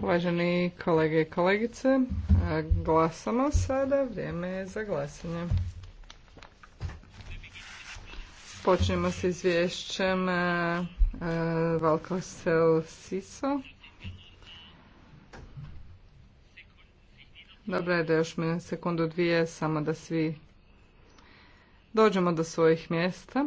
Uvaženi kolege i kolegice, glasamo sada, vrijeme je za glasanje. Počnemo s izvješćem Valkosel Siso. Dobro je da još sekundu dvije, samo da svi dođemo do svojih mjesta.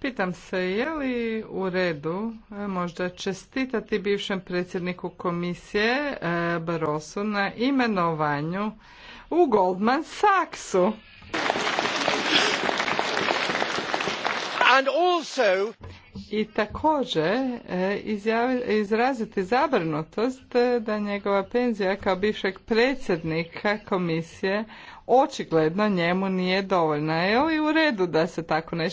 Pitam se je li u redu e, možda čestitati bivšem predsjedniku komisije e, Barosu na imenovanju u Goldman Sachsu. I također e, izraziti zabrinutost da njegova penzija kao bivšeg predsjednika komisije očigledno njemu nije dovoljna. Je li u redu da se tako nešto